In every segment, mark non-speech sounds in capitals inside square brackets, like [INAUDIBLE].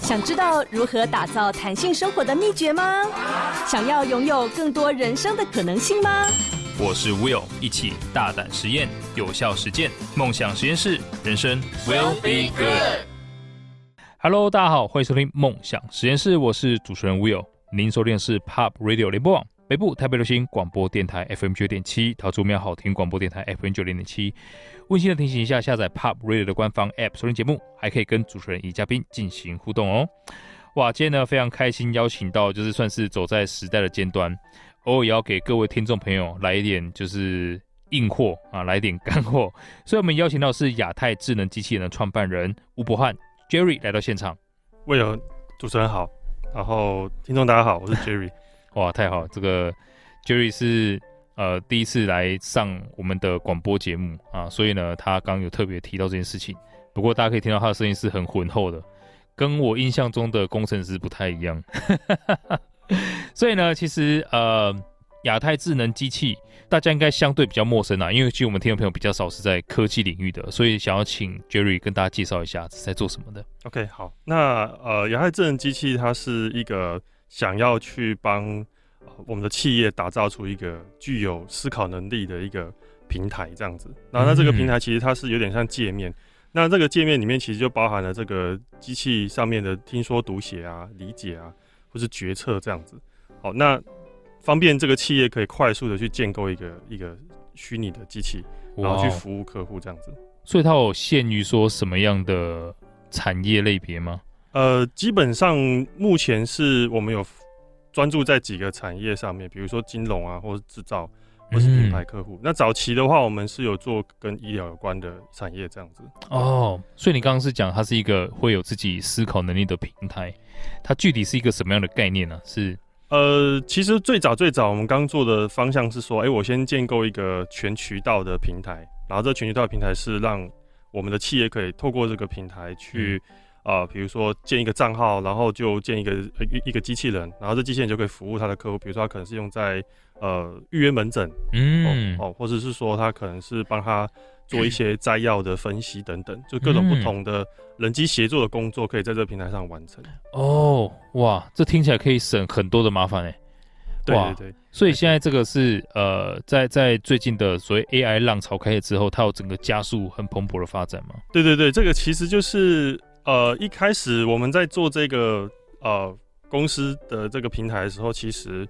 想知道如何打造彈性生活的祕訣嗎？想要擁有更多人生的可能性嗎？我是 Will，一起大膽實驗，有效實踐，夢想實驗室，人生 Will be good。Hello，大家好，歡迎收聽夢想實驗室，我是主持人 Will，您收聽的是 Pop Radio 聯播網。北部台北流行廣播電台 FM 九點七，桃竹苗好聽廣播電台 FM 九零點七，溫馨的提醒一下，下載 Pop Radio、er、的官方 App 收聽節目，還可以跟主持人與嘉賓進行互動哦。哇，今天呢非常開心，邀請到就是算是走在時代的尖端，偶爾也要給各位聽眾朋友來一點就是硬貨啊，來一點乾貨。所以我們邀請到是亞太智能機器人的創辦人吳柏翰 Jerry 來到現場。喂，主持人好，然後聽眾大家好，我是 Jerry。 [LAUGHS] 哇，太好了！這個 Jerry 是呃第一次來上我們的廣播節目啊，所以呢，他剛有特別提到這件事情。不過大家可以聽到他的聲音是很渾厚的，跟我印象中的工程師不太一樣。哈哈哈，所以呢，其實呃，亞太智能機器大家應該相對比較陌生啦，因為其實我們聽眾朋友比較少是在科技領域的，所以想要請 Jerry 跟大家介紹一下是在做什麼的。OK，好，那呃，亞太智能機器它是一個。想要去幫我們的企業打造出一個具有思考能力的一個平台，這樣子。那那這個平台其實它是有點像界面，那這個界面裡面其實就包含了這個機器上面的聽說讀寫啊、理解啊，或是決策這樣子。好，那方便這個企業可以快速的去建構一個一個虛擬的機器，然後去服務客戶這樣子。所以它有限於說什麼樣的產業類別嗎？呃，基本上目前是我們有專注在幾個產業上面，比如說金融啊，或是製造，或是品牌客戶。嗯、那早期的話，我們是有做跟醫療有關的產業這樣子。哦，所以你剛剛是講它是一個會有自己思考能力的平台，它具體是一個什麼樣的概念呢、啊？是呃，其實最早最早我們剛做的方向是說，哎、欸，我先建構一個全渠道的平台，然後這個全渠道的平台是讓我們的企業可以透過這個平台去、嗯。啊、呃，比如說建一個賬號，然後就建一個一一個機器人，然後這機器人就可以服務他的客戶。比如說他可能是用在呃預約門診，嗯哦，哦，或者是說他可能是幫他做一些摘要的分析等等，就各種不同的人機協作的工作可以在這個平台上完成、嗯。哦，哇，這聽起來可以省很多的麻煩哎、欸。對對對，所以現在這個是呃，在在最近的所謂 AI 浪潮開始之後，它有整個加速很蓬勃的發展嗎？對對對，這個其實就是。呃，一開始我們在做這個呃公司的這個平台的時候，其實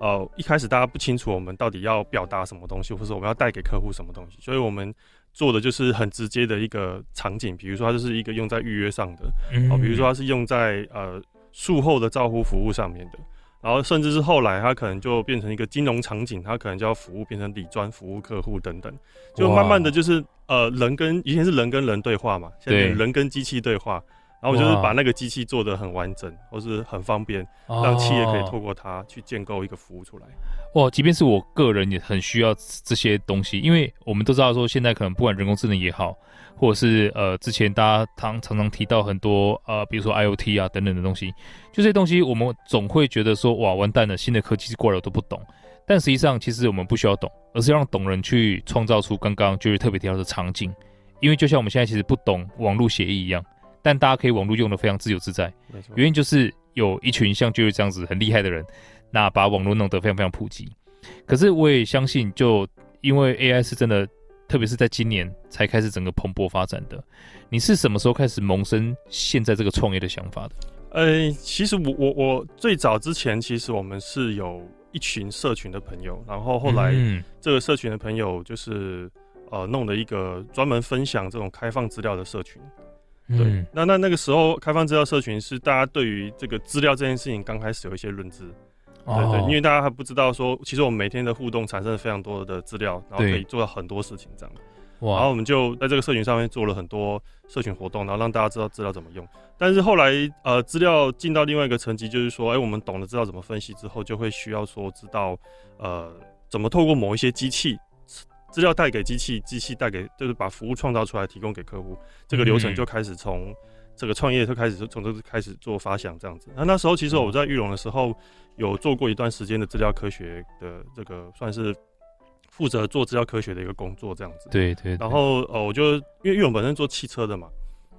呃一開始大家不清楚我們到底要表達什麼東西，或者我們要帶給客戶什麼東西，所以我們做的就是很直接的一個場景，比如說它就是一個用在預約上的，哦、呃，比如說它是用在呃術後的照護服務上面的。然後甚至是後來，它可能就變成一個金融場景，它可能就要服務變成理專服務客戶等等，就慢慢的就是哇呃，人跟以前是人跟人對話嘛，現在人跟機器對話，對，然後就是把那個機器做得很完整哇或是很方便，讓企業可以透過它去建構一個服務出來。哇，即便是我個人也很需要這些東西，因為我們都知道說現在可能不管人工智能也好。或者是呃，之前大家常常常提到很多呃，比如說 IoT 啊等等的東西，就這些東西我們總會覺得說哇完蛋了，新的科技是過來我都不懂。但實際上，其實我們不需要懂，而是讓懂人去創造出剛剛就是特別提到的場景。因為就像我們現在其實不懂網絡協議一樣，但大家可以網絡用得非常自由自在。原因就是有一群像就是這樣子很厲害的人，那把網絡弄得非常非常普及。可是我也相信，就因為 AI 是真的。特別是在今年才開始整個蓬勃發展的，你是什麼時候開始萌生現在這個創業的想法的？呃、欸，其實我我我最早之前，其實我們是有一群社群的朋友，然後後來這個社群的朋友就是、嗯、呃弄了一個專門分享這種開放資料的社群，對，嗯、那那那個時候開放資料社群是大家對於這個資料這件事情剛開始有一些認知。對對,對，因為大家還不知道說，其實我們每天的互動產生了非常多的資料，然後可以做到很多事情這樣。然後我們就在這個社群上面做了很多社群活動，然後讓大家知道資料怎麼用。但是後來呃，資料進到另外一個層級，就是說，哎，我們懂得知道怎麼分析之後，就會需要說知道呃，怎麼透過某一些機器，資料帶給機器，機器帶給，就是把服務創造出來提供給客戶。這個流程就開始從這個創業就開始從這個開始做發想這樣子。那那時候其實我在玉龍的時候。有做過一段時間的資料科學的這個，算是負責做資料科學的一個工作這樣子。對，對對。然後呃，我就因為因為我本身做汽車的嘛，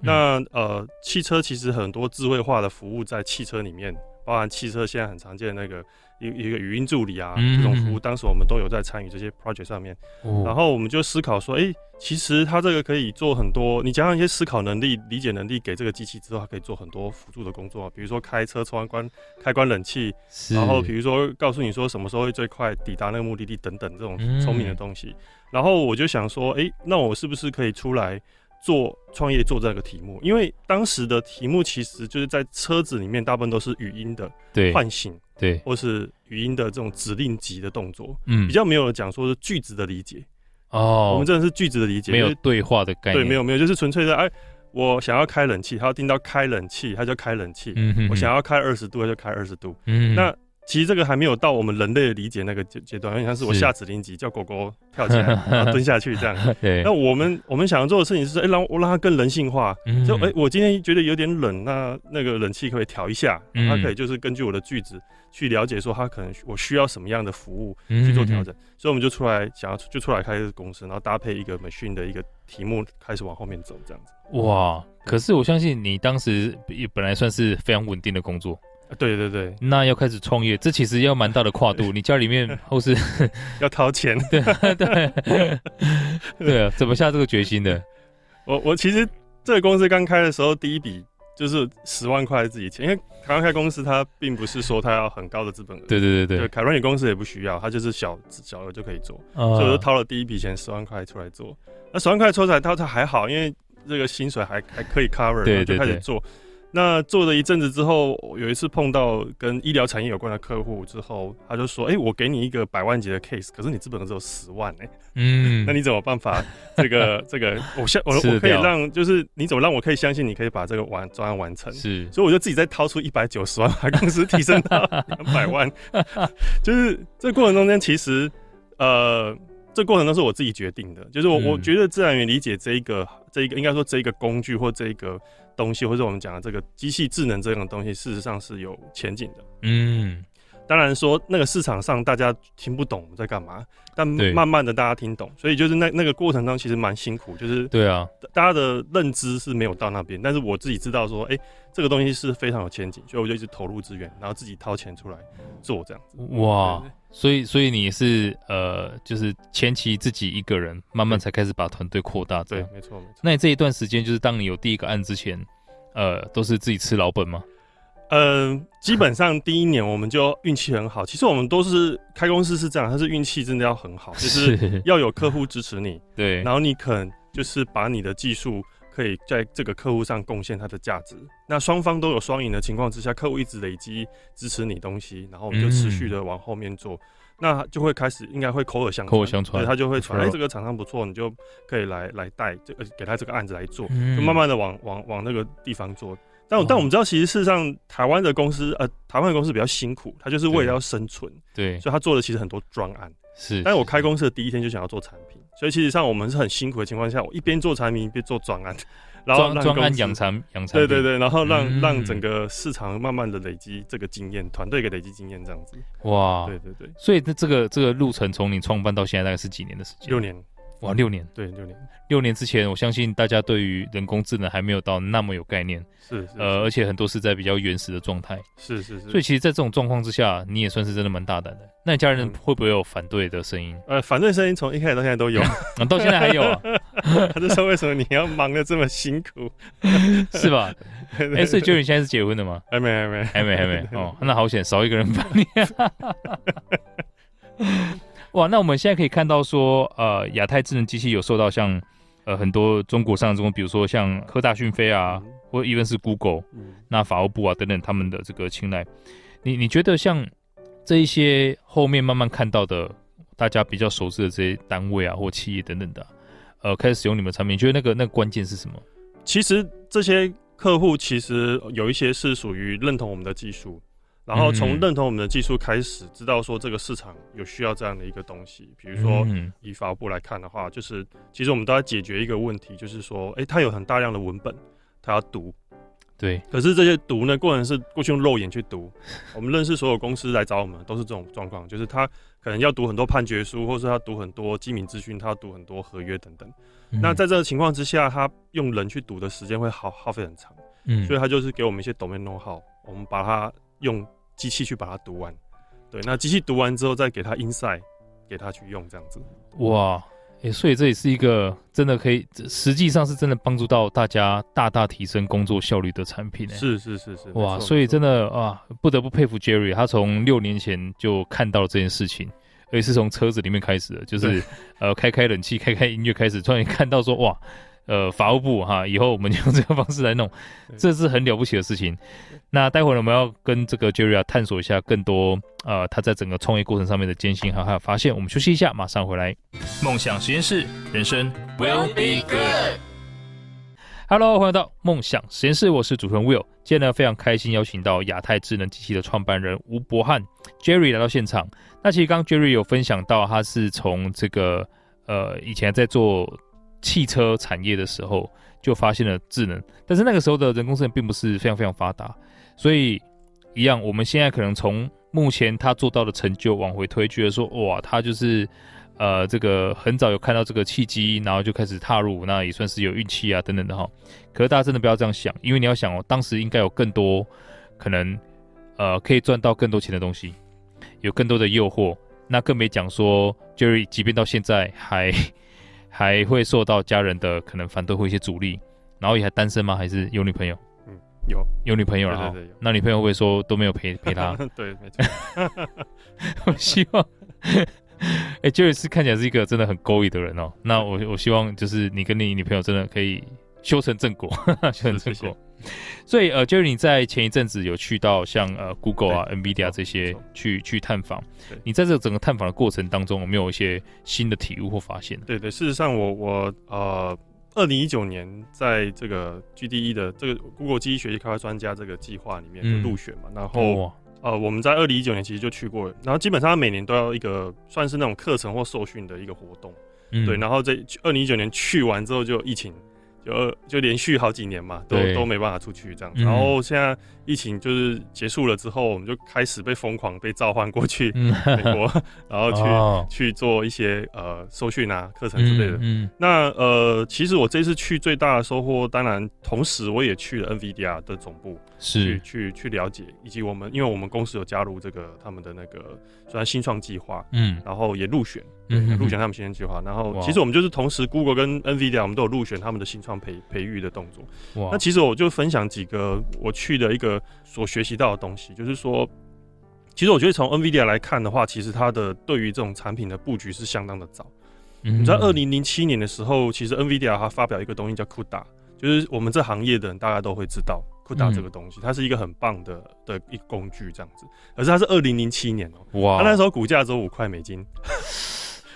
嗯、那呃，汽車其實很多智慧化的服務在汽車裡面，包含汽車現在很常見的那個。一一個語音助理啊，這種服務、嗯、當時我們都有在參與這些 project 上面，哦、然後我們就思考說，誒、欸，其實它這個可以做很多，你加上一些思考能力、理解能力給這個機器之後，它可以做很多輔助的工作，比如說開車窗、開關開關冷氣，是然後比如說告訴你說什麼時候會最快抵達那個目的地等等這種聰明的東西。嗯、然後我就想說，誒、欸，那我是不是可以出來做創業做這個題目？因為當時的題目其實就是在車子裡面大部分都是語音的喚醒。對，或是語音的這種指令級的動作，嗯，比較沒有講說是句子的理解哦。我們真的是句子的理解，沒有對話的概念，對，沒有沒有，就是純粹的哎，我想要開冷氣，它要聽到開冷氣，它就開冷氣。嗯我想要開二十度，它就開二十度。嗯那其實這個還沒有到我們人類的理解那個階階段，好像是我下指令級叫狗狗跳起來，然後蹲下去這樣。對，那我們我們想要做的事情是說，哎，讓我讓它更人性化，就哎，我今天覺得有點冷，那那個冷氣可以調一下，它可以就是根據我的句子。去了解說，他可能我需要什麼樣的服務，去做調整，嗯嗯嗯，所以我們就出來想要就出來開個公司，然後搭配一個 machine 的一個題目開始往後面走這樣子。哇！可是我相信你當時也本來算是非常穩定的工作。啊、對對對，那要開始創業，這其實要蠻大的跨度。對你家裡面後是要掏錢， [LAUGHS] 對對 [LAUGHS] 對啊，怎麼下這個決心的？ [LAUGHS] 我我其實這個公司剛開的時候第一筆。就是十萬塊自己錢，因為台灣開公司，他並不是說他要很高的資本額。對對對對，凱瑞你公司也不需要，他就是小小額就可以做，哦、啊、所以就掏了第一筆錢十萬塊出來做。那十萬塊抽出來，他說還好，因為這個薪水還還可以 cover，就開始做。對對對對那做了一陣子之後，有一次碰到跟醫療產業有關的客戶之後，他就說：“哎、欸，我給你一個百萬級的 case，可是你資本只有十萬、欸、嗯，那你怎麼辦法？這個這個， [LAUGHS] 這個我相我我可以讓，就是你怎麼讓我可以相信你可以把這個完專案完成？是，所以我就自己再掏出一百九十萬，把公司提升到兩百萬。 [LAUGHS] 就是這過程中間，其實，呃。”這過程都是我自己決定的，就是我、嗯、我覺得自然語言理解這一個這一個應該說這一個工具或這一個東西，或者我們講的這個機器智能這樣的東西，事實上是有前景的。嗯。當然說那個市場上大家聽不懂我在幹嘛，但慢慢的大家聽懂，對所以就是那那個過程當中其實蠻辛苦，就是對啊，大家的認知是沒有到那邊，但是我自己知道說，哎、欸，這個東西是非常有前景，所以我就一直投入資源，然後自己掏錢出來做這樣子。哇，對對對，所以所以你是呃，就是前期自己一個人，慢慢才開始把團隊擴大。嗯、對，對，沒錯沒錯。那你這一段時間就是當你有第一個案之前，呃，都是自己吃老本嗎？呃，基本上第一年我們就運氣很好。其實我們都是開公司是這樣，但是運氣真的要很好，就是要有客戶支持你。 [LAUGHS] 對。然後你可能就是把你的技術可以在這個客戶上貢獻它的價值，那雙方都有雙贏的情況之下，客戶一直累積支持你東西，然後我們就持續的往後面做，嗯、那就會開始應該會口耳相傳，口耳相傳，對，他就會傳，哎的、啊，這個廠商不錯，你就可以來來帶這個、給他這個案子來做，就慢慢的往往往那個地方做。但我、哦、但我們知道，其實事實上，台灣的公司，呃，台灣的公司比較辛苦，他就是為了要生存，對，所以他做的其實很多專案，是，是，但我開公司的第一天就想要做產品，所以其實上我們是很辛苦的情況下，我一邊做產品，一邊做專案，然後專專案養產養，養產品對對對，然後讓、嗯、讓整個市場慢慢的累積這個經驗，團隊給累積經驗這樣子。哇，對對對，所以那這個這個路程從你創辦到現在大概是幾年的時間？六年。哇，六年，對，六年，六年之前，我相信大家對於人工智能還沒有到那麼有概念，是，是是呃，而且很多是在比較原始的狀態，是是是。是是所以其實，在這種狀況之下，你也算是真的蠻大膽的。那你家人會不會有反對的聲音？嗯、呃，反對聲音從一開始到現在都有， [LAUGHS] 到現在還有，啊。 [LAUGHS] 他就說為什麼你要忙得這麼辛苦， [LAUGHS] [LAUGHS] 是吧？哎、欸， [LAUGHS] 所以就你、er、現在是結婚的嗎？還沒，還沒，還沒，還沒。 [LAUGHS] 哦，那好險，少一個人幫你。 [LAUGHS] 哇，那我們現在可以看到說，呃，亞太智能機器有受到像，呃，很多中國上中，比如說像科大訊飛啊，嗯、或 even 是，是 Google，嗯、那法務部啊等等他們的這個青睞。你你覺得像這一些後面慢慢看到的，大家比較熟知的這些單位啊或企業等等的、啊，呃，開始使用你們產品，你覺得那個那個關鍵是什麼？其實這些客戶其實有一些是屬於認同我們的技術。然後從認同我們的技術開始，知道說這個市場有需要這樣的一個東西。比如說，以法部來看的話，就是其實我們都在解決一個問題，就是說，哎，他有很大量的文本，他要讀。對。可是這些讀呢，過程是過去用肉眼去讀。我們認識所有公司來找我們， [LAUGHS] 都是這種狀況，就是他可能要讀很多判決書，或者他讀很多機密資訊，他要讀很多合約等等。嗯、那在這個情況之下，他用人去讀的時間會耗耗費很長。嗯。所以他就是給我們一些 domain know-how, 我們把它用。機器去把它讀完，對，那機器讀完之後再給它 insight，給它去用這樣子。哇、欸，所以這也是一個真的可以，實際上是真的幫助到大家，大大提升工作效率的產品，欸。是是是是，哇，沒錯，所以真的啊，沒錯，不得不佩服 Jerry，他從六年前就看到了這件事情，而且是從車子裡面開始的，就是，是呃開開冷氣、開開音樂開始，突然看到說哇。呃，法務部哈，以後我們就用這個方式來弄，這是很了不起的事情。那待會兒呢，我們要跟這個 Jerry 啊探索一下更多、呃、他在整個創業過程上面的艱辛哈，還有發現。我們休息一下，馬上回來。夢想實驗室，人生 Will be good。Hello，歡迎來到夢想實驗室，我是主持人 Will。今天呢，非常開心邀請到亞太智能機器的創辦人吳柏翰 Jerry 來到現場。那其實剛 Jerry 有分享到，他是從這個呃以前在做。汽車產業的時候就發現了智能，但是那個時候的人工智能並不是非常非常發達，所以一樣，我們現在可能從目前他做到的成就往回推覺得說哇，他就是呃這個很早有看到這個契機，然後就開始踏入，那也算是有運氣啊等等的哈。可是大家真的不要這樣想，因為你要想哦，當時應該有更多可能呃可以賺到更多錢的東西，有更多的誘惑，那更別講說就是即便到現在還。還會受到家人的可能反對或一些阻力，然後也還單身嗎？還是有女朋友？嗯，有有女朋友了，對，對,對那女朋友會不會說都沒有陪陪他？ [LAUGHS] 對，沒錯。 [LAUGHS] 我希望、 [LAUGHS] 欸，哎，Jules 看起來是一個真的很勾引的人哦，喔。那我我希望就是你跟你女朋友真的可以修成正果， [LAUGHS] 修成正果。謝謝所以呃，Jerry 你在前一陣子有去到像呃 Google 啊、對 NVIDIA 啊這些去錯去探訪，對你在這個整個探訪的過程當中有沒有一些新的體悟或發現？對對，事實上我我呃，二零一九年在這個 GDE 的這個 Google 機器學習開發專家這個計劃裡面就入選嘛，嗯、然後、哦、呃，我們在二零一九年其實就去過，然後基本上每年都要一個算是那種課程或受訓的一個活動，嗯、對，然後在二零一九年去完之後就疫情。呃就，就連續好幾年嘛，都對都沒辦法出去這樣。然後現在疫情就是結束了之後，嗯、我們就開始被瘋狂被召喚過去、嗯、美國，然後去、哦、去做一些呃受訓啊課程之類的。嗯嗯那呃，其實我這次去最大的收穫，當然同時我也去了 NVIDIA 的總部。去是去去了解，以及我們，因為我們公司有加入這個他們的那個雖然新創計劃，嗯，然後也入選，嗯、哼哼入選他們新創計劃。然後其實我們就是同時 Google 跟 NVIDIA，我們都有入選他們的新創培培育的動作。哇那其實我就分享幾個我去的一個所學習到的東西，就是說，其實我覺得從 NVIDIA 來看的話，其實它的對於這種產品的布局是相當的早。嗯、哼哼你知道，二零零七年的時候，其實 NVIDIA 它發表一個東西叫 CUDA，就是我們這行業的人大家都會知道。CUDA 這個東西，嗯、它是一個很棒的的一工具，這樣子。而是它是二零零七年哦、喔，哇它那時候股價只有五塊美金，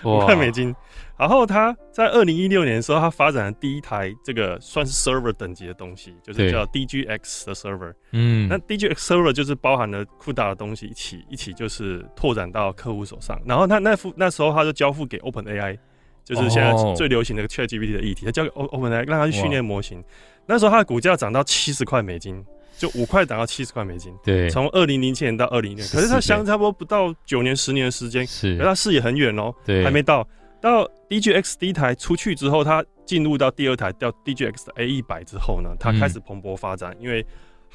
五塊哇 [LAUGHS] 美金。然後它在二零一六年的時候，它發展了第一台這個算是 server 等級的東西，就是叫 DGX 的 server 對。嗯，那 DGX server 就是包含了 CUDA 的東西一起、嗯、一起就是拓展到客戶手上。然後它那副那時候它就交付給 OpenAI，就是現在最流行的 ChatGPT 的議題，哦、它交給 O OpenAI 讓它去訓練模型。那時候它的股價漲到七十塊美金，就五塊漲到七十塊美金。對，從二零零七年到二零年，年可是它相差不多不到九年十年的時間，而它視野很遠哦、喔，對，還沒到。到 DGX 第一台出去之後，它進入到第二台叫 DGX A 一百之後呢，它開始蓬勃發展，嗯、因為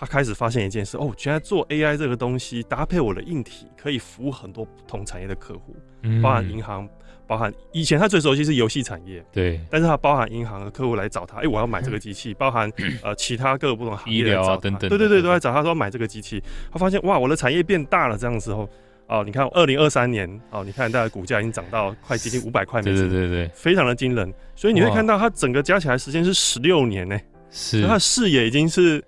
他開始發現一件事哦，原來做 AI 這個東西搭配我的硬體，可以服務很多不同產業的客戶，含銀，嗯，包含銀行。包含以前他最熟悉是遊戲產業，對，但是他包含銀行的客戶來找他，哎、欸，我要買這個機器，包含呃其他各個不同行業來、啊、等等的對，對對對，都在找他說買這個機器，他發現哇，我的產業變大了，這樣的時候，哦，你看二零二三年，哦，你看大家股價已經漲到快接近五百塊，美金對，對對對，非常的驚人，所以你會看到他整個加起來的時間是十六年呢、欸，是他的視野已經是。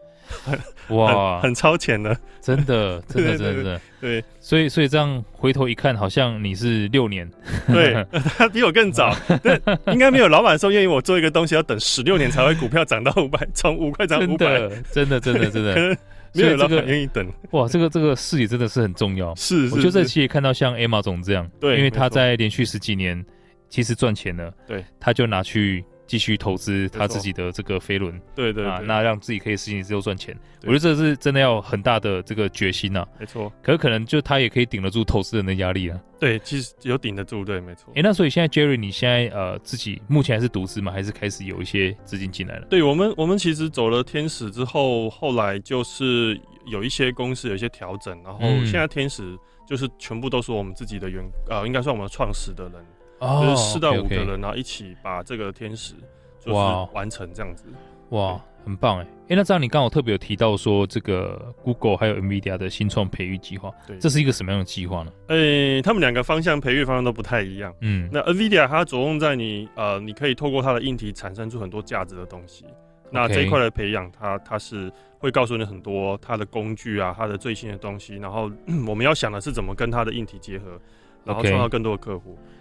哇，很超前的。真的，真的，真的，對，所以，所以這樣回頭一看，好像你是六年，對，他比我更早。應該沒有老板說願意我做一個東西要等十六年才會股票漲到五百，從五塊漲五百，真的，真的，真的，沒有老板願意等。哇，這個這個視野真的是很重要，是，我就這期看到像 Amazon 這樣，對，因為他在連續十幾年其實賺錢了，對，他就拿去。繼續投資他自己的這個飛輪，沒錯啊、對對啊，那讓自己可以持續又賺錢，對對對，我覺得這是真的要很大的這個決心吶、啊。沒錯對，可是可能就他也可以頂得住投資人的壓力啊。對，其實有頂得住，對，沒錯。哎、欸，那所以現在 Jerry，你現在呃自己目前還是獨資嗎？還是開始有一些資金進來了？對我們，我們其實走了天使之後，後來就是有一些公司有一些調整，然後現在天使就是全部都是我們自己的員，呃，應該算我們創始的人。哦、就是四到五個人，okay, okay 然後一起把這個天使就是完成這樣子，哇,對哇，很棒哎！哎、欸，那這樣你剛好特別有提到說這個 Google 還有 NVIDIA 的新創培育計劃，對，這是一個什麼樣的計劃呢？呃、欸，他們兩個方向培育方向都不太一樣，嗯，那 NVIDIA 它着重在你呃，你可以透過它的硬體產生出很多價值的東西，Okay 那這一塊的培養，它它是會告訴你很多它的工具啊，它的最新的東西，然後我們要想的是怎麼跟它的硬體結合，然後創造更多的客戶。Okay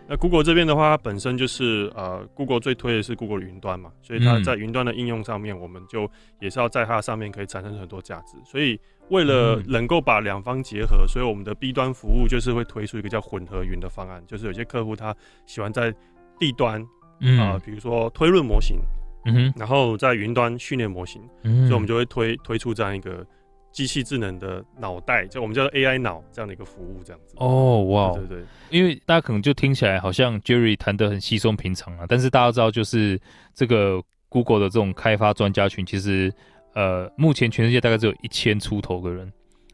那 Google 這邊的話，它本身就是呃，Google 最推的是 Google 的雲端嘛，所以它在雲端的應用上面，嗯、我們就也是要在它上面可以產生很多價值。所以為了能夠把兩方結合，所以我們的 B 端服務就是會推出一個叫混合雲的方案，就是有些客戶他喜歡在地端啊，嗯呃，比如說推論模型，嗯、哼然後在雲端訓練模型，嗯、哼所以我們就會推推出這樣一個。機器智能的腦袋，就我們叫做 AI 腦這樣的一個服務這樣子。哦，哇，啊、對對，因為大家可能就聽起來好像 Jerry 談得很稀鬆平常啊，但是大家知道，就是這個 Google 的這種開發專家群，其實呃，目前全世界大概只有一千出頭的人，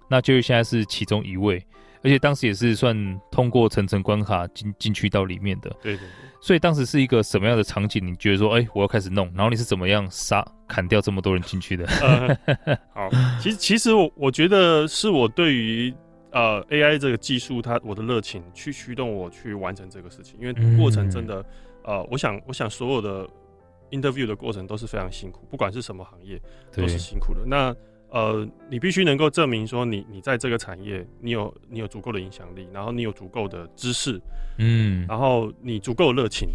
那 Jerry 現在是其中一位。而且當時也是算通過層層關卡進進去到裡面的，對對對。所以當時是一個什麼樣的場景？你覺得說，哎、欸，我要開始弄，然後你是怎麼樣殺砍掉這麼多人進去的？呃、好 [LAUGHS] 其，其實其實我我覺得是我對於呃 AI 這個技術，它我的熱情去驅動我去完成這個事情，因為過程真的、嗯、呃，我想我想所有的 interview 的過程都是非常辛苦，不管是什麼行業對都是辛苦的。那呃，你必須能夠證明說你，你你在這個產業你，你有你有足夠的影響力，然後你有足夠的知識，嗯，然後你足夠熱情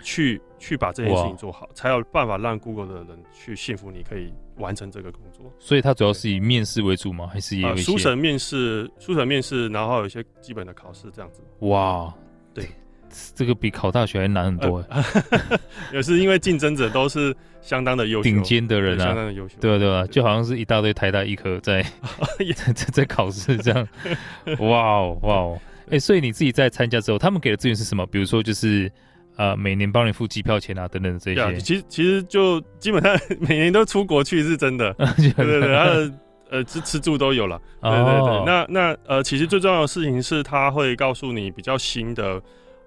去，去去把這件事情做好，哇才有辦法讓 Google 的人去信服你可以完成這個工作。所以，它主要是以面試為主嗎？還是以書審啊，審、呃、面試，書審面試，然後有一些基本的考試這樣子。哇，對。這個比考大學還難很多，也是因為競爭者都是相當的優秀，頂尖的人啊，相當的優秀。對對吧、啊？對對對，就好像是一大堆台大醫科在在、oh, yeah. [LAUGHS] 在考試這樣。哇、wow, 哇、wow，哎、欸，所以你自己在參加之後，他們給的資源是什麼？比如說就是呃，每年幫你付機票錢啊，等等這些。Yeah, 其實其實就基本上每年都出國去是真的， [LAUGHS] 對對對，然後呃，吃吃住都有了，哦、對對對。那那呃，其實最重要的事情是他會告訴你比較新的。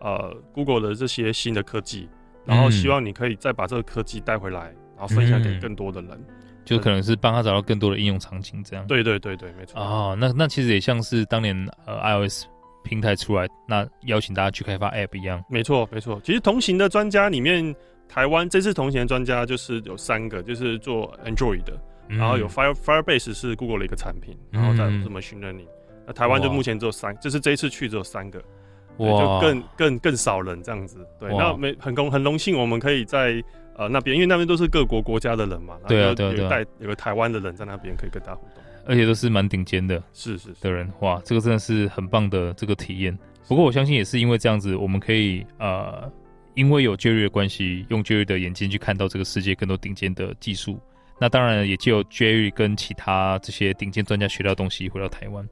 呃，Google 的這些新的科技，然後希望你可以再把這個科技帶回來，然後分享給更多的人，嗯、就可能是幫他找到更多的應用場景，這樣。對對對對，沒錯、哦。那那其實也像是當年呃 iOS 平台出來，那邀請大家去開發 App 一樣。沒錯沒錯，其實同行的專家裡面，台灣這次同行的專家就是有三個，就是做 Android 的，然後有 Fire、嗯、Firebase 是 Google 的一個產品，然後再怎麼訓練你。那台灣就目前只有三，哇就是這一次去只有三個。哇！就更更更少人這樣子，對，那沒哇很榮很榮幸，我們可以在呃那邊，因為那邊都是各國國家的人嘛，然後對、啊、對對、啊，有帶有個台灣的人在那邊可以跟大家互動，而且都是蠻頂尖的，是是的人，是是是哇，這個真的是很棒的這個體驗。不過我相信也是因為這樣子，我們可以是呃，因為有 Jury 的關係，用 Jury 的眼睛去看到這個世界更多頂尖的技術。那當然也就有 Jerry 跟其他這些頂尖專家學到東西回到台灣，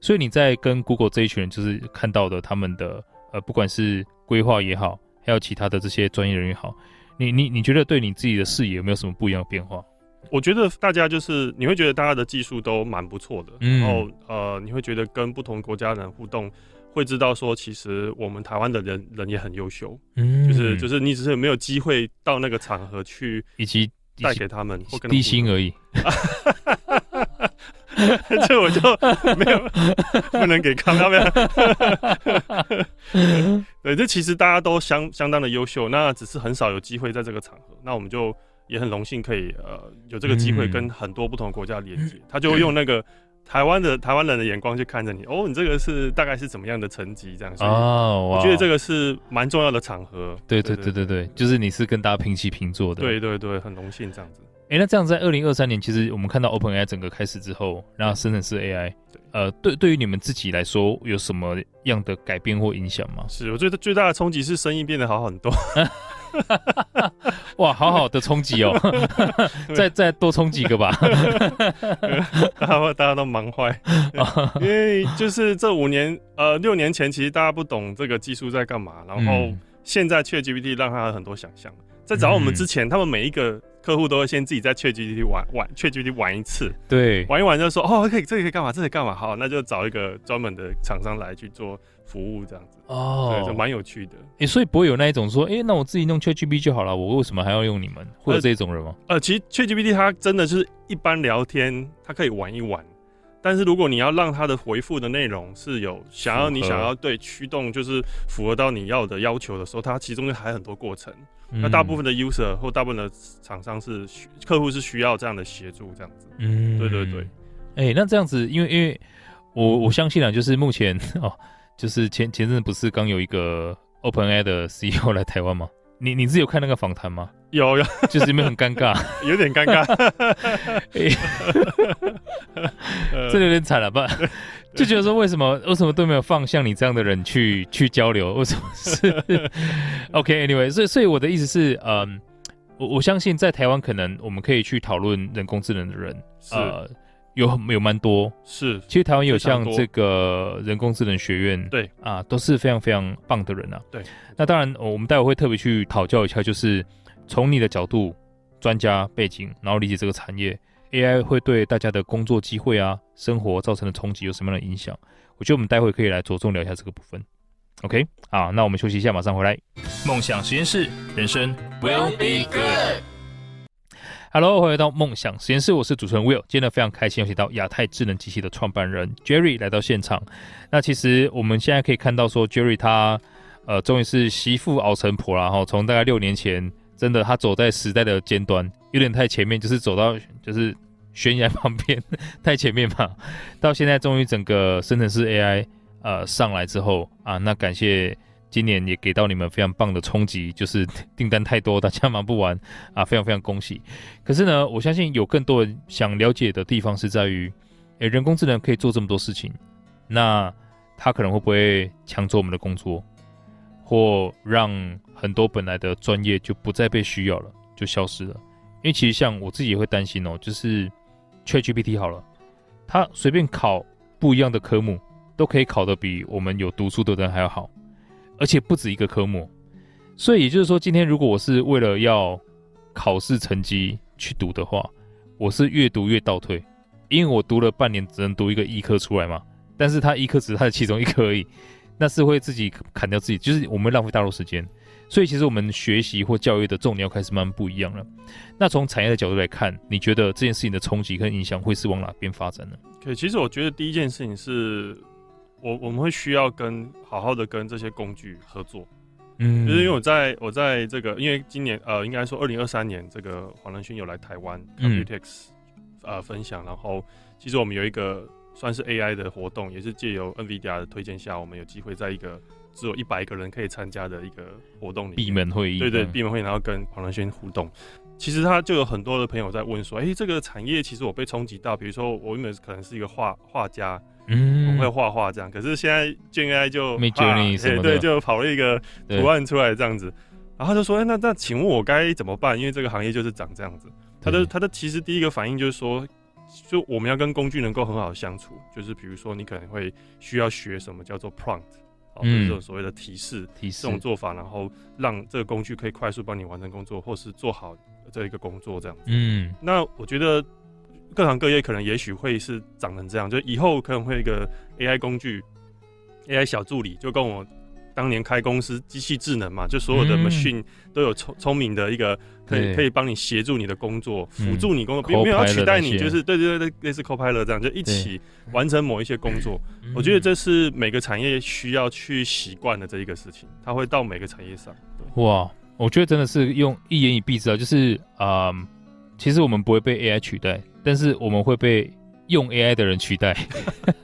所以你在跟 Google 這一群人就是看到的他們的呃不管是規劃也好，還有其他的這些專業人員也好，你你你覺得對你自己的視野有沒有什麼不一樣的變化？我覺得大家就是你會覺得大家的技術都蠻不錯的，然後呃你會覺得跟不同國家人互動會知道說其實我們台灣的人人也很優秀，嗯，就是就是你只是沒有機會到那個場合去以及。帶給他們，我跟他們低薪而已，這 [LAUGHS] 我就沒有不能給康喵 [LAUGHS] 對，這其實大家都相相當的優秀，那只是很少有機會在這個場合。那我們就也很榮幸可以呃有這個機會跟很多不同國家連接。嗯、他就會用那個。台灣的台灣人的眼光去看着你哦，你這個是大概是怎麼樣的層級這樣？哦、啊，我覺得這個是蠻重要的場合。對對對對對，對對對，就是你是跟大家平起平坐的。對對對，很榮幸這樣子。哎、欸，那這樣在二零二三年，其實我們看到 OpenAI 整個開始之後，然後生成式 AI，對呃，對，對於你們自己來說，有什麼樣的改變或影響嗎？是，我覺得最大的衝擊是生意變得好很多。 [LAUGHS] [LAUGHS] 哇，好好的衝擊哦， [LAUGHS] [LAUGHS] 再再多衝幾個吧，哈。 [LAUGHS] [LAUGHS] 大家都忙壞， [LAUGHS] 因為就是這五年，呃，六年前其實大家不懂這個技術在幹嘛，嗯、然後現在 ChatGPT 讓他有很多想象，在找我們之前，嗯、他們每一個客戶都會先自己在 ChatGPT 玩玩，ChatGPT 玩一次，對，玩一玩就說哦，可以，這個可以幹嘛，這個幹嘛，好，那就找一個專門的廠商來去做。服務這樣子哦，對，就蠻、oh. 有趣的。哎、欸，所以不會有那一種說，哎、欸，那我自己弄 ChatGPT 就好了，我為什麼還要用你們？會有這種人嗎？呃，呃，其實 ChatGPT 它真的就是一般聊天，它可以玩一玩。但是如果你要讓它的回覆的內容是有想要合你想要對驅動，就是符合到你要的要求的時候，它其中還有很多過程。嗯、那大部分的 user 或大部分的廠商是客戶是需要這樣的協助，這樣子。嗯，對，對對對。哎、欸，那這樣子，因為因為我我相信啊，就是目前哦。就是前前陣子不是剛有一個 OpenAI 的 CEO 來台灣嗎？你你是有看那個訪談嗎？有有，有就是有沒有很尷尬？ [LAUGHS] 有點尷尬，這有點慘了吧？就覺得說為什麼對為什麼都沒有放像你這樣的人去去交流？為什麼是 [LAUGHS] ？OK，anyway，、okay，所以所以我的意思是，嗯、呃，我我相信在台灣可能我們可以去討論人工智能的人是、呃有有蠻多是，其實台灣有像這個人工智能學院，對啊，對都是非常非常棒的人啊。對，那當然，我們待會會特別去討教一下，就是從你的角度、專家背景，然後理解這個產業 AI 會對大家的工作機會啊、生活造成的衝擊有什麼樣的影響？我覺得我們待會可以來着重聊一下這個部分。OK 啊，那我們休息一下，馬上回來。夢想實驗室，人生 Will Be Good。哈嘍歡迎回到夢想實驗室。我是主持人 Will，今天非常開心有請到亞太智能機器的創辦人 Jerry 來到現場。那其實我們現在可以看到說，Jerry 他呃，終於是媳婦熬成婆了哈。從大概六年前，真的他走在時代的尖端，有點太前面，就是走到就是懸崖旁邊太前面嘛。到現在終於整個生成式 AI 呃上來之後啊，那感謝。今年也給到你們非常棒的衝擊，就是訂單太多，大家忙不完啊，非常非常恭喜。可是呢，我相信有更多人想了解的地方是在於，哎、欸，人工智能可以做這麼多事情，那它可能會不會搶走我們的工作，或讓很多本來的專業就不再被需要了，就消失了？因為其實像我自己也會擔心哦，就是 ChatGPT 好了，它隨便考不一樣的科目，都可以考得比我們有讀書的人還要好。而且不止一個科目，所以也就是說，今天如果我是為了要考試成績去讀的話，我是越讀越倒退，因為我讀了半年，只能讀一個一科出來嘛。但是它一科只是它的其中一科而已，那是會自己砍掉自己，就是我們浪費太多時間。所以其實我們學習或教育的重點要開始慢慢不一樣了。那從產業的角度來看，你覺得這件事情的衝擊跟影響會是往哪邊發展呢？對，okay, 其實我覺得第一件事情是。我我們會需要跟好好的跟這些工具合作，嗯，就是因為我在我在這個，因為今年呃，應該說二零二三年，這個黃仁勳有來台灣，Computex，嗯，呃，分享，然後其實我們有一個算是 AI 的活動，也是借由 NVIDIA 的推薦下，我們有機會在一個只有一百個人可以參加的一個活動裡面，閉門會議，對，對對，閉門會議，然後跟黃仁勳互動，其實他就有很多的朋友在問說，哎、欸，這個產業其實我被衝擊到，比如說我原本可能是一個畫畫家。嗯，我會畫畫這樣，可是現在，現在就 A 該就沒、啊、欸、對，就跑了一個圖案出來這樣子，對然後就說，哎、欸，那那，請問我該怎麼辦？因為這個行業就是長這樣子。他的對他的其實第一個反應就是說，就我們要跟工具能夠很好相處，就是比如說你可能會需要學什麼叫做 prompt，哦、啊，這種、嗯、所謂的提示提示這種做法，然後讓這個工具可以快速幫你完成工作，或是做好這一個工作這樣子。嗯，那我覺得。各行各業可能也許會是長成這樣，就以後可能會一個 AI 工具，AI 小助理，就跟我當年開公司機器智能嘛，就所有的 machine 都有聰聰明的一個，可以可以幫你協助你的工作，嗯、輔助你工作，嗯、並沒有沒有取代你，就是對對對類似 Copilot 這樣，就一起完成某一些工作。嗯、我覺得這是每個產業需要去習慣的這一個事情，它會到每個產業上。哇，我覺得真的是用一言以蔽之啊，就是啊、嗯，其實我們不會被 AI 取代，但是我們會被用 AI 的人取代，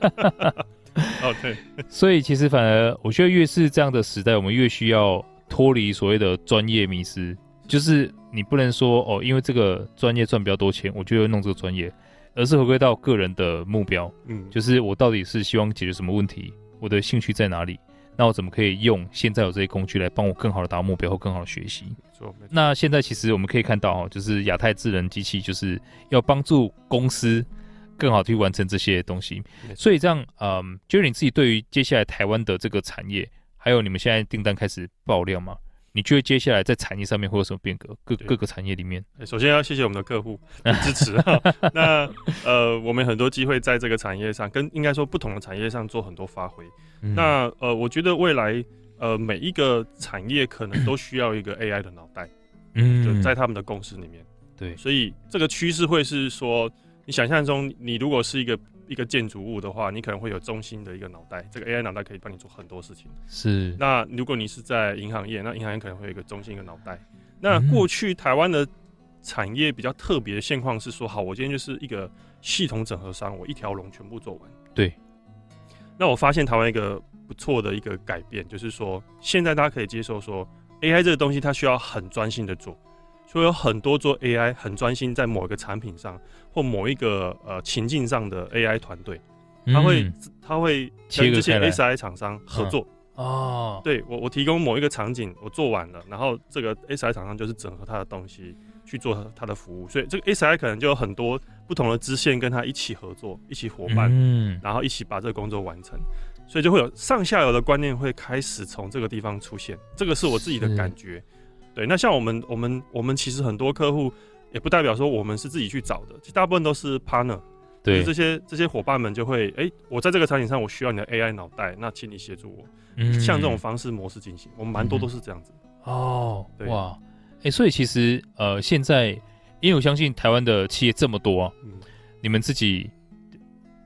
哦對，所以其實反而我覺得越是這樣的時代，我們越需要脫離所謂的專業迷思，就是你不能說哦，因為這個專業賺比較多錢，我就要弄這個專業，而是回歸到個人的目標，嗯，就是我到底是希望解決什麼問題，我的興趣在哪裡。那我怎麼可以用現在有這些工具來幫我更好的達成目標，或更好的學習？那現在其實我們可以看到，哈，就是亞太智能機器就是要幫助公司更好去完成這些東西。錯所以這樣，嗯、呃，就你自己對於接下來台灣的這個產業，還有你們現在訂單開始爆量嗎？你覺得接下來在產業上面會有什麼變革？各對各個產業裡面，首先要謝謝我們的客戶的支持、喔。 [LAUGHS] 那呃，我們很多機會在這個產業上，跟應該說不同的產業上做很多發揮。嗯、那呃，我覺得未來呃，每一個產業可能都需要一個 AI 的腦袋，嗯，就在他們的公司裡面。對，所以這個趨勢會是說，你想象中，你如果是一個。一個建築物的話，你可能會有中心的一個腦袋，這個 AI 腦袋可以幫你做很多事情。是。那如果你是在銀行業，那銀行業可能會有一個中心一個腦袋。那過去台灣的產業比較特別的現況是說，好，我今天就是一個系統整合商，我一條龍全部做完。對。那我發現台灣一個不錯的一個改變，就是說，現在大家可以接受說 AI 這個東西，它需要很專心的做。就有很多做 AI 很專心在某一個產品上或某一個呃情境，上的 AI 團隊，他會他會跟這些 SI 廠商合作哦。對，我我提供某一個場景，我做完了，然後這個 SI 廠商就是整合他的東西去做他的服務，所以這個 SI 可能就有很多不同的支線跟他一起合作、一起夥伴，嗯，然後一起把這個工作完成，所以就會有上下游的觀念會開始從這個地方出現，這個是我自己的感覺。對，那像我們，我們，我們其實很多客戶也不代表說我們是自己去找的，其實大部分都是 partner，對，這些這些夥伴們就會，哎，我在這個場景上我需要你的 AI 腦袋，那請你協助我，嗯，嗯，像這種方式模式進行，我們蠻多都是這樣子。哦，對，哇，哎、欸，所以其實呃，現在因為我相信台灣的企業這麼多、啊，嗯，你們自己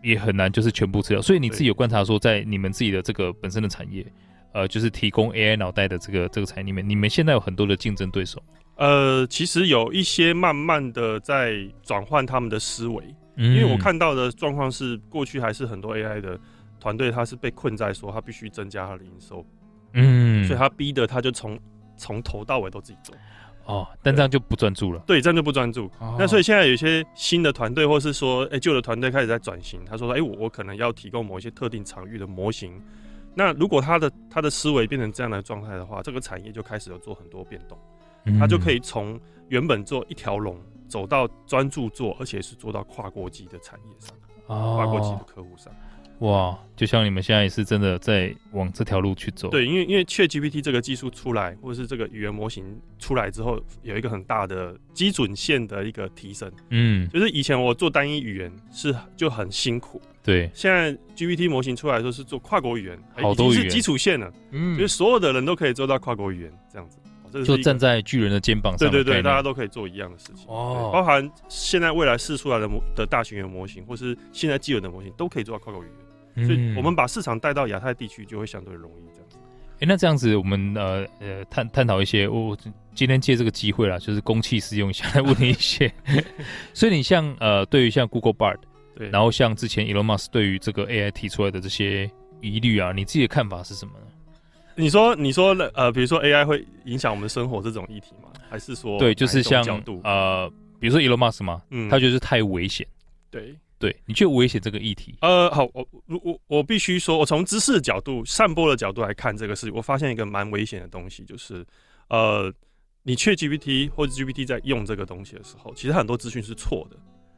也很難就是全部吃掉，所以你自己有觀察說在你們自己的這個本身的產業。呃，就是提供 AI 腦袋的這個這個產業裡面，你們現在有很多的競爭對手。呃，其實有一些慢慢的在轉換他們的思維，嗯、因為我看到的狀況是，過去還是很多 AI 的團隊，他是被困在說他必須增加他的營收，嗯，所以他逼得他就從從頭到尾都自己做。哦，但這樣就不專注了對。對，這樣就不專注。哦、那所以現在有些新的團隊，或是說哎舊、欸、的團隊開始在轉型，他說，說，哎、欸，我我可能要提供某一些特定場域的模型。那如果他的他的思維變成這樣的狀態的話，這個產業就開始有做很多變動，嗯、他就可以從原本做一條龍走到專注做，而且是做到跨國級的產業上，哦、跨國級的客戶上。哇，就像你們現在也是真的在往這條路去走。對，因為因為 ChatGPT 這個技術出來，或者是這個語言模型出來之後，有一個很大的基準線的一個提升。嗯，就是以前我做單一語言是就很辛苦。對，現在 GPT 模型出來的時候是做跨國語言，好多語言已經是基礎線了。嗯，就是所有的人都可以做到跨國語言這樣子。哦、這個就站在巨人的肩膀上。對對對，大家都可以做一樣的事情。哦，包含現在未來試出來的模的大型的模型，或是現在基本的模型，都可以做到跨國語言。嗯、所以，我們把市場帶到亞太地區，就會相對容易這樣子。哎、欸，那這樣子，我們呃呃探探討一些，我、哦、今天借這個機會啦，就是公器私用一下，來問你一些。 [LAUGHS] [LAUGHS] 所以，你像呃，對於像 Google Bard。對然後像之前 Elon Musk 對於這個 AI 提出來的這些疑慮啊，你自己的看法是什麼呢？你說，你說，呃，比如說 AI 會影響我們的生活這種議題嗎？還是說，對，就是像呃，比如說 Elon Musk 嘛？他覺得是太危險。對對，你覺得危險這個議題？呃，好，我如我我必須說，我從知識的角度、散播的角度來看這個事情，我發現一個蠻危險的東西，就是呃，你去 GPT 或者 GPT 在用這個東西的時候，其實很多資訊是錯的。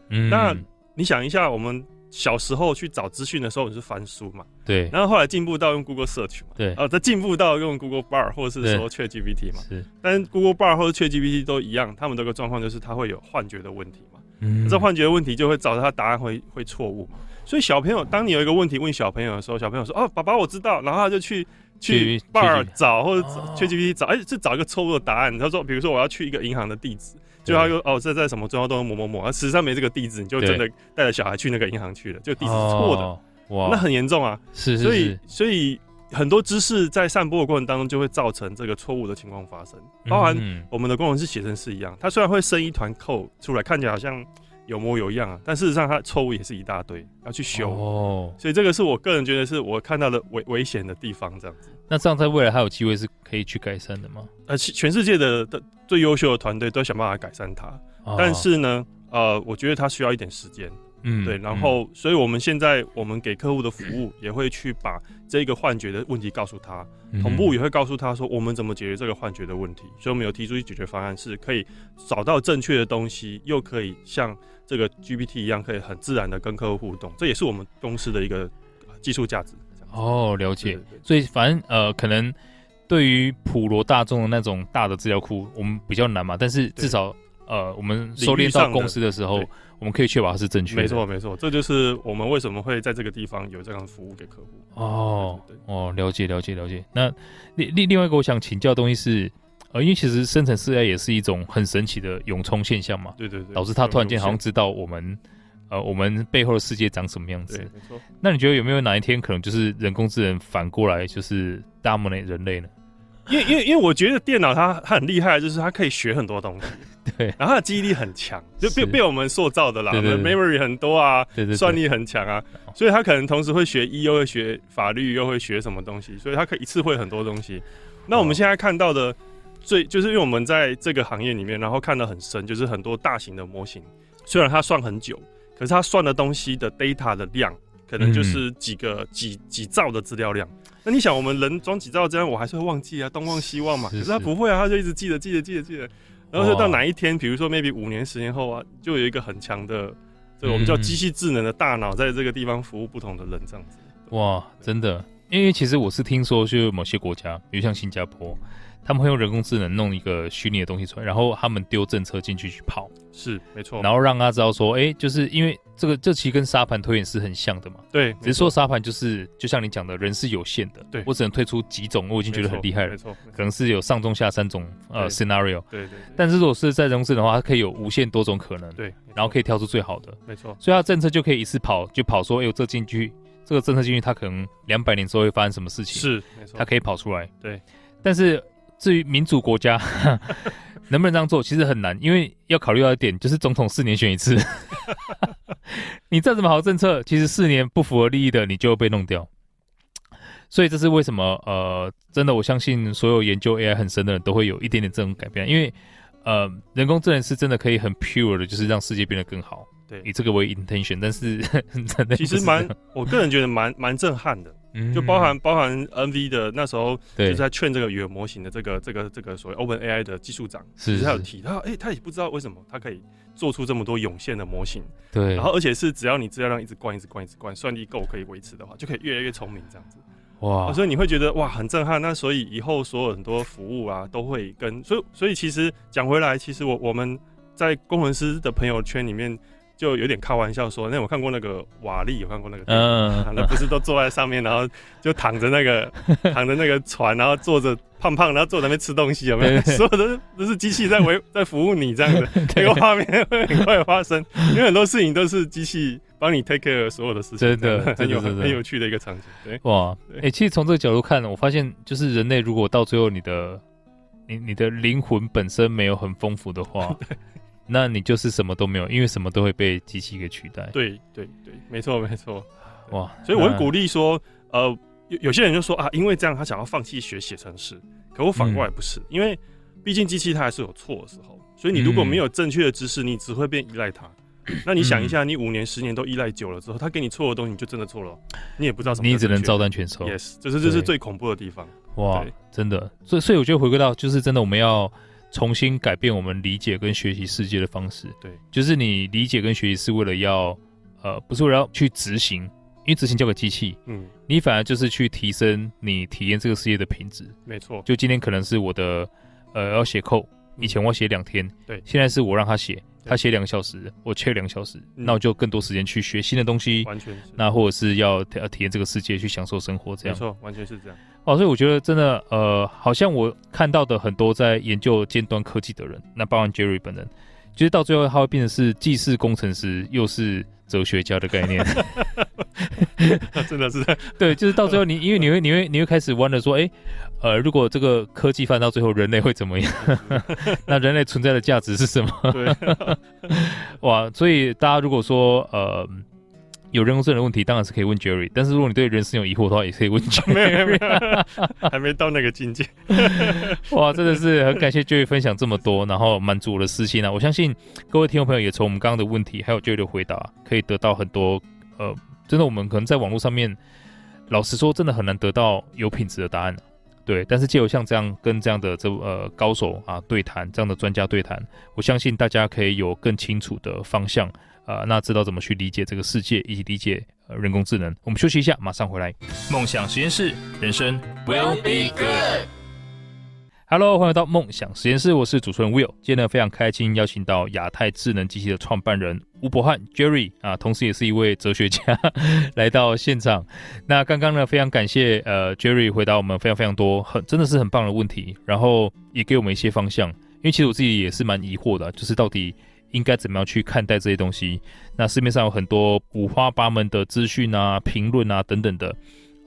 嗯，那。你想一下，我們小時候去找資訊的時候，你是翻書嘛？對。然後後來進步到用 Google Search 嘛？對。啊，再進步到用 Google Bar 或者是說 Chat GPT 嘛？對。是。但是 Google Bar 或者 Chat GPT 都一樣，他們這個狀況就是他會有幻覺的問題嘛？嗯。這幻覺的問題就會找到他答案會會錯誤，所以小朋友，當你有一個問題問小朋友的時候，小朋友說：“哦、啊，爸爸，我知道。”然後他就去去 Bar 找，或者 Chat GPT 找，哎、oh. 欸，就找一個錯誤的答案。他說，說：“比如說我要去一個銀行的地址。”就他說對哦，這在，在什麼中央都能某某某，而、啊、實際上沒這個地址，你就真的帶着小孩去那個銀行去了，對就地址是錯的，哦、哇，那很嚴重啊。是，是，是，所以所以很多知識在散播的過程當中，就會造成這個錯誤的情況發生，包含我們的工程師寫程式一樣，嗯、哼他雖然會生一團 code 出來，看起來好像有模有樣啊，但事實上他錯誤也是一大堆，要去修。哦，所以這個是我個人覺得是我看到的危危險的地方。這樣子，那這樣在未來還有機會是可以去改善的嗎？呃，全世界的的。最優秀的團隊都想辦法改善它。哦、但是呢，呃，我覺得它需要一點時間，嗯，對。然後，嗯、所以我們現在我們給客戶的服務也會去把這個幻覺的問題告訴他，嗯、同步也會告訴他說我們怎麼解決這個幻覺的問題。所以我們有提出一解決方案，是可以找到正確的東西，又可以像這個 GPT 一樣，可以很自然的跟客戶互動。這也是我們公司的一個技術價值。哦，了解。對對對。所以反正呃，可能。對於普羅大眾的那種大的資料庫，我們比較難嘛，但是至少對呃，我們收斂到公司的時候，我們可以確保它是正確的。沒錯沒錯，這就是我們為什麼會在這個地方有這樣的服務給客戶。哦對對對，哦，了解了解了解。那另另另外一個我想請教的東西是，呃，因為其實生成式 AI 也是一種很神奇的湧現現象嘛。對對對。導致它突然間好像知道我們，對呃，我們背後的世界長什麼樣子。沒錯。那你覺得有沒有哪一天可能就是人工智能反過來就是 dominate 人類呢？ [LAUGHS] 因為因為因為我覺得電腦它，它很厲害，就是它可以學很多東西，對，然後它的記憶力很強，就被是被我們塑造的啦，我們 memory 很多啊，對對對對，算力很強啊，對對對對，所以它可能同時會學醫、e，又會學法律，又會學什麼東西，所以它可以一次會很多東西。對那我們現在看到的最好就是因為我們在這個行業裡面，然後看得很深，就是很多大型的模型，雖然它算很久，可是它算的東西的 data 的量可能就是幾個、嗯、幾幾兆的資料量。那你想，我們人裝幾兆這樣，我還是會忘記啊，東忘西忘嘛。是是，可是他不會啊，他就一直記得，記得，記得，記得。然後就到哪一天，比哇如說 maybe 五年、十年後啊，就有一個很強的，這我們叫機器智能的大腦，嗯、在這個地方服務不同的人，這樣子。哇，真的，因為其實我是聽說，就某些國家，比如像新加坡。他們會用人工智能弄一個虛擬的東西出來，然後他們丟政策進去去跑，是沒錯。然後讓他知道說，哎，就是因為這個，這其實跟沙盤推演是很像的嘛。對，只是說沙盤就是就像你講的，人是有限的，對，我只能推出幾種，我已經覺得很厲害了，沒錯。可能是有上中下三種呃 scenario，對對。但是如果是在人工智能的話，它可以有無限多種可能，對。然後可以挑出最好的，沒錯。所以它政策就可以一次跑，就跑說，哎，這進去這個政策進去，它可能兩百年之後會發生什麼事情，是沒錯。它可以跑出來，對。但是。至於民主國家能不能這樣做，其實很難，因為要考慮到一點，就是總統四年選一次，你再怎麼好政策，其實四年不符合利益的，你就會被弄掉。所以這是為什麼？呃，真的，我相信所有研究 AI 很深的人都會有一點點這種改變，因為呃，人工智能是真的可以很 pure 的，就是讓世界變得更好，對以這個為 intention。但是，是其實蠻，我個人覺得蠻蠻震撼的。就包含、嗯、包含 NV 的那時候，就在 train 這個語言模型的這個對這個這個所謂 Open AI 的技術長，其實是他有提到，他、欸、說，他也不知道為什麼他可以做出這麼多湧現的模型，對，然後而且是只要你資料量一直灌、一直灌、一直灌，算力夠可以維持的話，就可以越來越聰明這樣子。哇、啊，所以你會覺得哇很震撼。那所以以後所有很多服務啊，都會跟，所以所以其實講回來，其實我我們在工程師的朋友圈裡面。就有點開玩笑說，那我看過那個瓦力，有看過那個，嗯、啊，那不是都坐在上面，然後就躺着那個 [LAUGHS] 躺着那個船，然後坐着胖胖，然後坐在那邊吃東西，有沒有？對對對，所有的都是機器在維在服務你這樣子，這對個畫面會很快發生，對對對，因為很多事情都是機器幫你 take care 所有的事情，真的，很有很有趣的一個場景。對，對對對對哇，哎、欸，其實從這個角度看，我發現就是人類如果到最後你的你你的靈魂本身沒有很豐富的話。那你就是什麼都沒有，因為什麼都會被機器給取代。對對對，沒錯沒錯，哇！所以我會鼓勵說，那呃，有有些人就說啊，因為這樣他想要放棄學寫程式，可我反過來、嗯、不是，因為畢竟機器它還是有錯的時候，所以你如果沒有正確的知識，嗯、你只會變依賴它。那你想一下，你五年、十年都依賴久了之後，他、嗯、給你錯的東西，你就真的錯了，你也不知道什麼。你只能照單全收。Yes，這是這是最恐怖的地方。對對哇，對真的，所以所以我覺得回歸到就是真的，我們要。重新改變我們理解跟學習世界的方式，對，就是你理解跟學習是為了要，呃，不是為了要去執行，因為執行交給機器，嗯，你反而就是去提升你體驗這個世界的品質，沒錯錯，就今天可能是我的，呃，要寫 code、嗯，以前我寫兩天，對，現在是我讓他寫，他寫兩個小時，對我 check 兩個小時，嗯、那我就更多時間去學新的東西，完全是，那或者是要要體驗這個世界，去享受生活，這樣，沒錯，完全是這樣。哦，所以我覺得真的，呃，好像我看到的很多在研究尖端科技的人，那包括 Jerry 本人，其、就、實、是、到最後他會變成是既是工程師又是哲學家的概念， [LAUGHS] 啊、真的是，的 [LAUGHS] 對，就是到最後你因為你會你會你會，你會開始 wonder 說，哎、欸，呃，如果這個科技犯到最後，人類會怎麼樣？ [LAUGHS] 那人類存在的價值是什麼？對， [LAUGHS] 哇，所以大家如果說，呃。有人工智能的問題，當然是可以問 Jerry。但是如果你對人生有疑惑的話，也可以問 Jerry。沒有沒有，還沒到那個境界。 [LAUGHS] 哇，真的是很感謝 Jerry 分享這麼多，然後滿足我的私心啊！我相信各位聽眾朋友也從我們剛剛的問題還有 Jerry 的回答，可以得到很多呃，真的我們可能在網絡上面，老實說真的很難得到有品質的答案。對，但是借由像這樣跟這樣的這呃高手啊對談，這樣的專家對談，我相信大家可以有更清楚的方向。啊、呃，那知道怎麼去理解這個世界，以及理解、呃、人工智能。我們休息一下，馬上回來。夢想實驗室，人生 will be good。Hello，歡迎來到夢想實驗室，我是主持人 Will。今天呢非常開心，邀請到亞太智能機器的創辦人吳柏翰 Jerry 啊、呃，同時也是一位哲學家 [LAUGHS] 來到現場。那剛剛呢非常感謝呃 Jerry 回答我們非常非常多很真的是很棒的問題，然後也給我們一些方向。因為其實我自己也是蠻疑惑的，就是到底。應該怎麼樣去看待這些東西？那市面上有很多五花八門的資訊啊、評論啊等等的，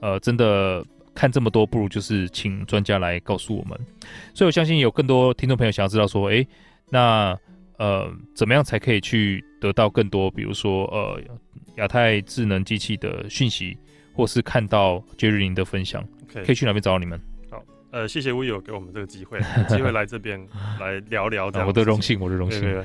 呃，真的看這麼多，不如就是請專家來告訴我們。所以我相信有更多聽眾朋友想要知道說，哎、欸，那呃，怎麼樣才可以去得到更多，比如說呃，亞太智能機器的訊息，或是看到杰瑞寧的分享，可以去哪邊找你們？Okay. 呃，謝謝 w 有給我們這個機會， [LAUGHS] 機會來這邊來聊聊的、啊。我的榮幸，我的榮幸。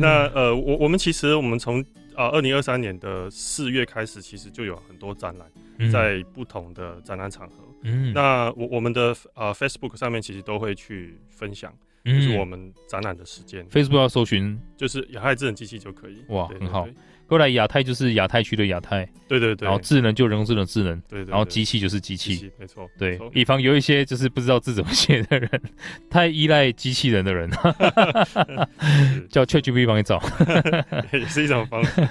那呃，我我們其實我們從啊，二零二三年的四月開始，其實就有很多展覽在不同的展覽場合。嗯、那我我們的、呃、Facebook 上面其實都會去分享，就是我們展覽的時間。Facebook 要搜尋，嗯、就是有害智能機器就可以。哇，對對對很好。過來亞太就是亞太區的亞太，對對對。然後智能，就人工智能智能，對對。然後機器就是機器，沒錯。對，以防有一些就是不知道字怎麼寫的人，太依賴機器人的人，叫 ChatGPT 幫你找，也是一種方式。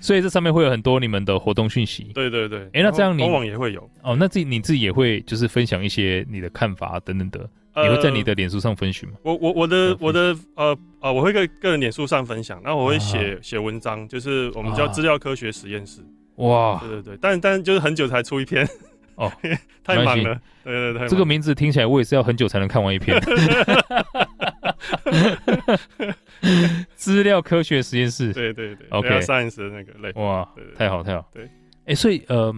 所以這上面會有很多你們的活動訊息，對對對。哎，那這樣你往往也會有哦。那自己你自己也會就是分享一些你的看法等等的。你會在你的臉書上分享嗎？我我我的我的呃呃，我會在個人臉書上分享。那我會寫寫文章，就是我們叫資料科學實驗室。哇，對對對，但但就是很久才出一篇，哦，太忙了。對對對，這個名字聽起來我也是要很久才能看完一篇。資料科學實驗室，對對對，OK，上一次那個類，哇，太好太好。對，哎，所以呃。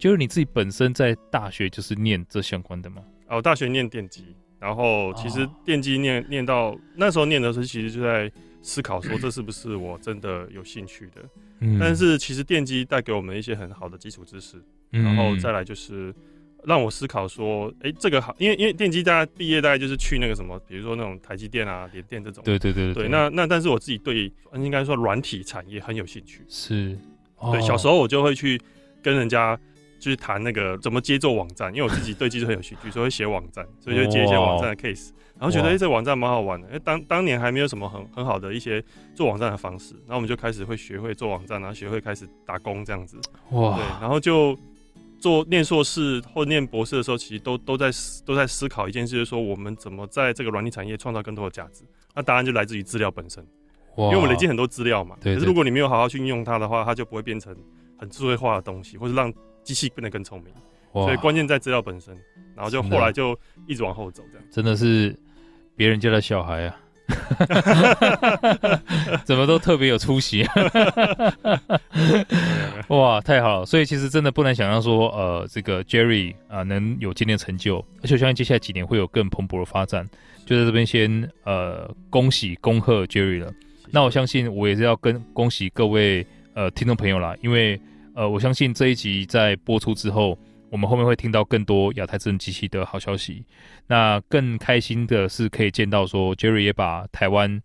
就是你自己本身在大學就是念這相關的嗎？哦、啊，大學念電機，然後其實電機念、哦、念到那時候念的時候，其實就在思考說，這是不是我真的有興趣的？嗯、但是其實電機帶給我們一些很好的基礎知識，嗯、然後再來就是讓我思考說，哎、嗯欸，這個好，因為因為電機大家畢業大概就是去那個什麼，比如說那種台積電啊、聯電這種。對，對對對對。對那那但是我自己對應該說軟體產業很有興趣，是、哦、對。小時候我就會去跟人家就是談那個怎麼接做網站，因為我自己對技術很有興趣， [LAUGHS] 所以會寫網站，所以就接一些網站的 case、哦、然後覺得這網站蠻好玩的，哇當當年還沒有什麼很很好的一些做網站的方式，然後我們就開始會學會做網站，然後學會開始打工這樣子，哇，對，然後就做念碩士或念博士的時候，其實都都在都在思考一件事，就是說我們怎麼在這個軟體產業創造更多的價值，那答案就來自於資料本身，哇因為我們累積很多資料嘛，對，對，對，可是如果你沒有好好去運用它的話，它就不會變成很智慧化的東西，或者讓機器變得更聰明，哇所以關鍵在資料本身。然後就後來就一直往後走，這樣真的，真的是別人家的小孩啊， [LAUGHS] 怎麼都特別有出息， [LAUGHS] 哇，太好了！所以其實真的不難想象說，呃，這個 Jerry 啊、呃，能有今天的成就，而且我相信接下來幾年會有更蓬勃的發展。就在這邊先呃恭喜恭賀 Jerry 了。的那我相信我也是要跟恭喜各位呃聽眾朋友啦，因為。呃，我相信這一集在播出之後，我們後面會聽到更多亞太智能機器的好消息。那更開心的是，可以見到說，Jerry 也把台灣，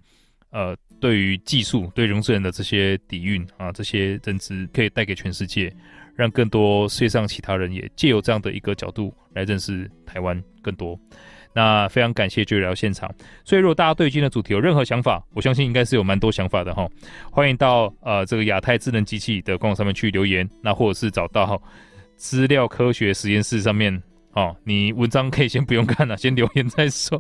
呃，對於技術對融資人的這些底蘊啊，這些認知，可以帶給全世界，讓更多世界上其他人也借由這樣的一個角度來認識台灣更多。那非常感謝就聊現場，所以如果大家對今天的主題有任何想法，我相信應該是有蠻多想法的哈。歡迎到呃這個亞太智能機器的官網上面去留言，那或者是找到資料科學實驗室上面哦，你文章可以先不用看了、啊，先留言再說。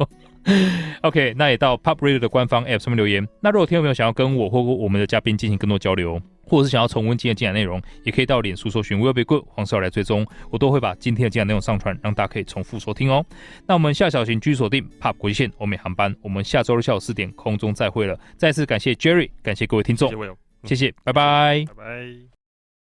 [LAUGHS] OK，那也到 POP Radio、er、的官方 App 上面留言。那如果聽眾朋友想要跟我或我們的嘉賓進行更多交流。或者是想要重溫今天的精彩內容，也可以到臉書搜尋 Will Be Good 黃少爺來追蹤，我都會把今天的精彩內容上傳，讓大家可以重複收聽哦。那我們下小型居鎖定 POP 國際線歐美航班，我們下周日下午四點空中再會了。再次感謝 Jerry，感謝各位聽眾，謝謝，謝謝，拜拜，拜拜。